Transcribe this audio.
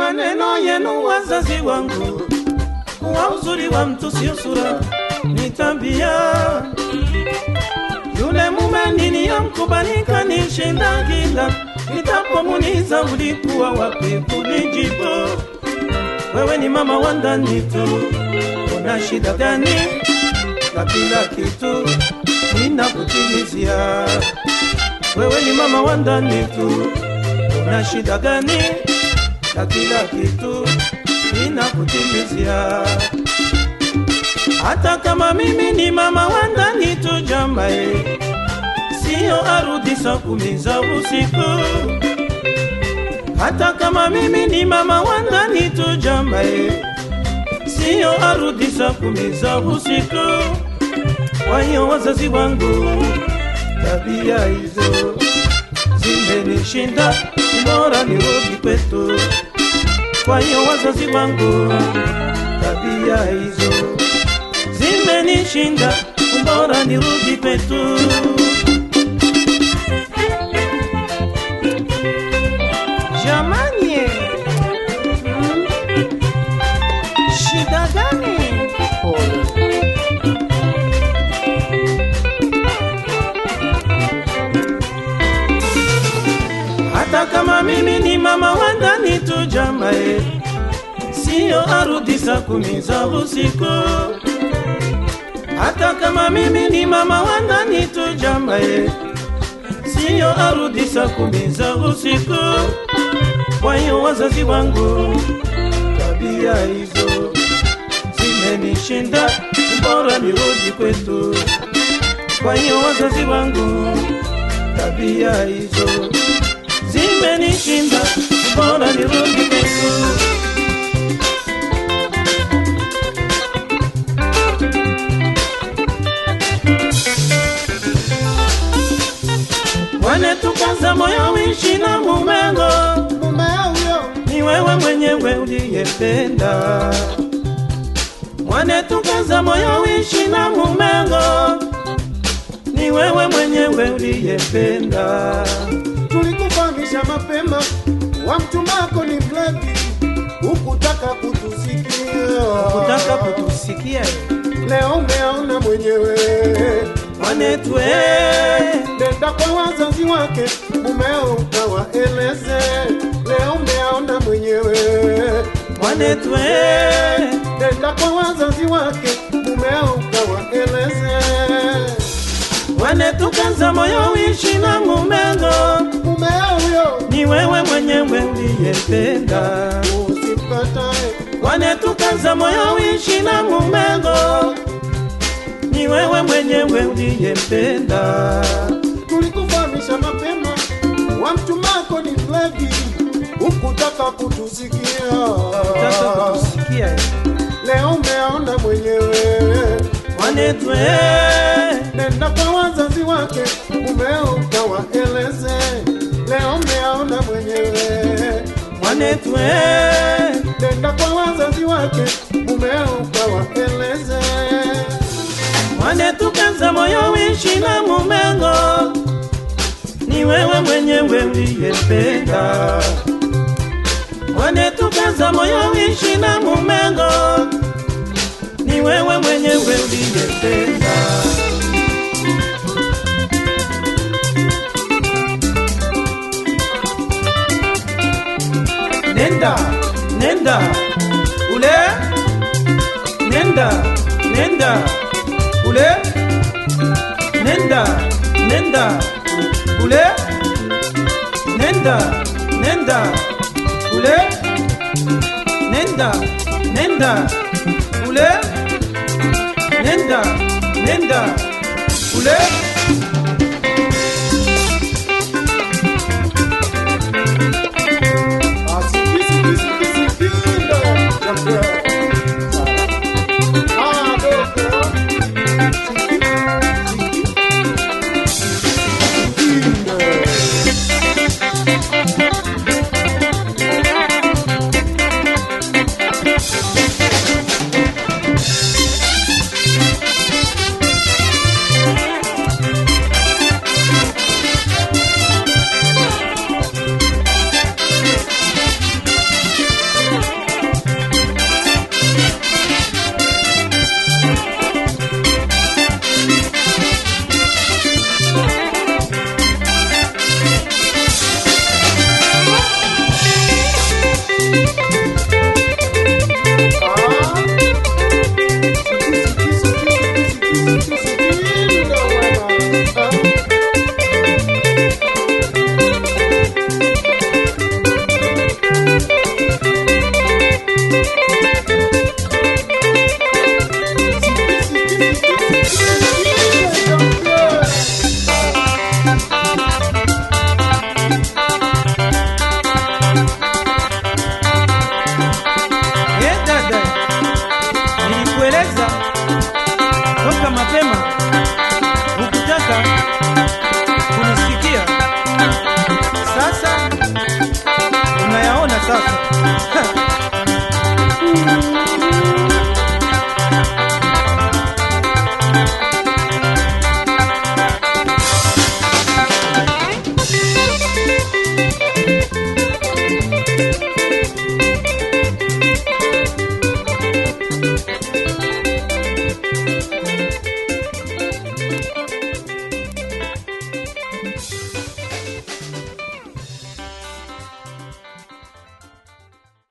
maneno yenu wazazi wangu, kuwa uzuri wa mtu sio sura, ni tabia. Yule mume niliyomkubalika ni shinda kila nitapomuniza, ulikuwa wapi kunijibu, wewe ni mama wa ndani tu, una shida gani? Na kila kitu ninakutimizia, wewe ni mama wa ndani tu, una shida gani? na kila kitu ninakutimizia, hata kama mimi ni mama wa ndani tu jamae, siyo arudi saa kumi za usiku. Hata kama mimi ni mama wa ndani tu jamae, siyo arudi saa kumi za usiku. Kwa hiyo wazazi wangu, tabia hizo zimenishinda, bora nirudi kwetu. Kwa hiyo wazazi wangu, tabia hizo zimenishinda, bora nirudi kwetu. mimi ni mama wa ndani tu jamae, siyo arudi saa usiku. Hata kama mimi ni mama wa tu jamae, arudi saa usiku. Kwa hiyo wazazi wangu, tabia hizo zimenishinda, bora nirudi kwetu. Kwa hiyo wazazi wangu, tabia hizo imenishinda, mbona nirudi kwetu? Wanetukaza moyo wishi na mumengo, ni wewe mwenyewe uliyependa. Wanetukaza moyo wishi na mumengo, ni wewe mwenyewe uliyependa ya mapema wa mtumako ni Vlad, ukutaka kutusikia, ukutaka kutusikia, leo umeona mwenyewe wanetwe. Nenda kwa wazazi wake, mumeo utawaeleze, leo umeona mwenyewe wanetwe. Nenda kwa wazazi wake tupendane, tukanza moyo wishi na mumeno. Mumeo huyo ni wewe mwenyewe uliyependa, usikatae. Wane tukanza moyo wishi na mumeno, ni wewe mwenyewe uliyependa. Tulikufahamisha mapema, wa mtumako ni Flevi, ukutaka kutusikia, ukutaka kutusikia. Leo umeona mwenyewe mwanetwe, nenda kwa wazazi wake mumeo kawaeleze, leo mmeaona mwenyewe. Mwanetu nenda kwa wazazi wake mumeo kawaeleze. Mwanetu moyo wishi na mumengo, ni wewe mwenyewe uliyependa. Mwanetu moyo wishi na mumengo nenda nenda ule nenda nenda ule nenda nenda ule nenda nenda ule nenda nenda ule nenda nenda ule